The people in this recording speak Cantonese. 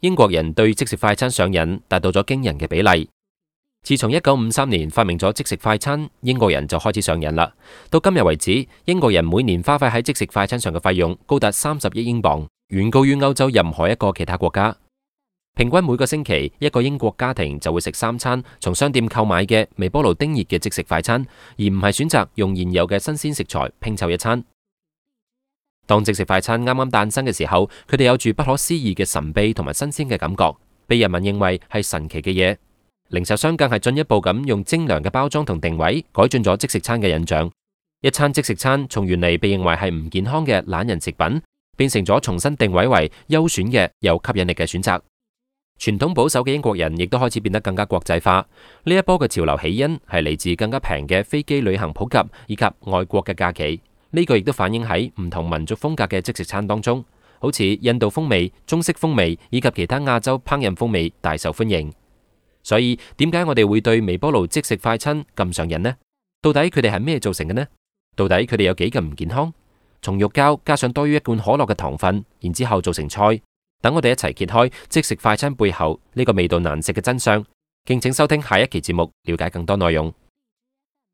英國人對即食快餐上癮，達到咗驚人嘅比例。自從一九五三年發明咗即食快餐，英國人就開始上癮啦。到今日為止，英國人每年花費喺即食快餐上嘅費用高達三十億英鎊，遠高於歐洲任何一個其他國家。平均每個星期，一個英國家庭就會食三餐，從商店購買嘅微波爐叮熱嘅即食快餐，而唔係選擇用現有嘅新鮮食材拼湊一餐。當即食快餐啱啱誕生嘅時候，佢哋有住不可思議嘅神秘同埋新鮮嘅感覺，被人民認為係神奇嘅嘢。零售商更係進一步咁用精良嘅包裝同定位，改進咗即食餐嘅印象。一餐即食餐從原嚟被認為係唔健康嘅懶人食品，變成咗重新定位為優選嘅有吸引力嘅選擇。傳統保守嘅英國人亦都開始變得更加國際化。呢一波嘅潮流起因係嚟自更加平嘅飛機旅行普及，以及外國嘅假期。呢個亦都反映喺唔同民族風格嘅即食餐當中，好似印度風味、中式風味以及其他亞洲烹飪風味大受歡迎。所以點解我哋會對微波爐即食快餐咁上癮呢？到底佢哋係咩做成嘅呢？到底佢哋有幾咁唔健康？從肉膠加上多於一罐可樂嘅糖分，然之後做成菜，等我哋一齊揭開即食快餐背後呢個味道難食嘅真相。敬請收聽下一期節目，了解更多內容。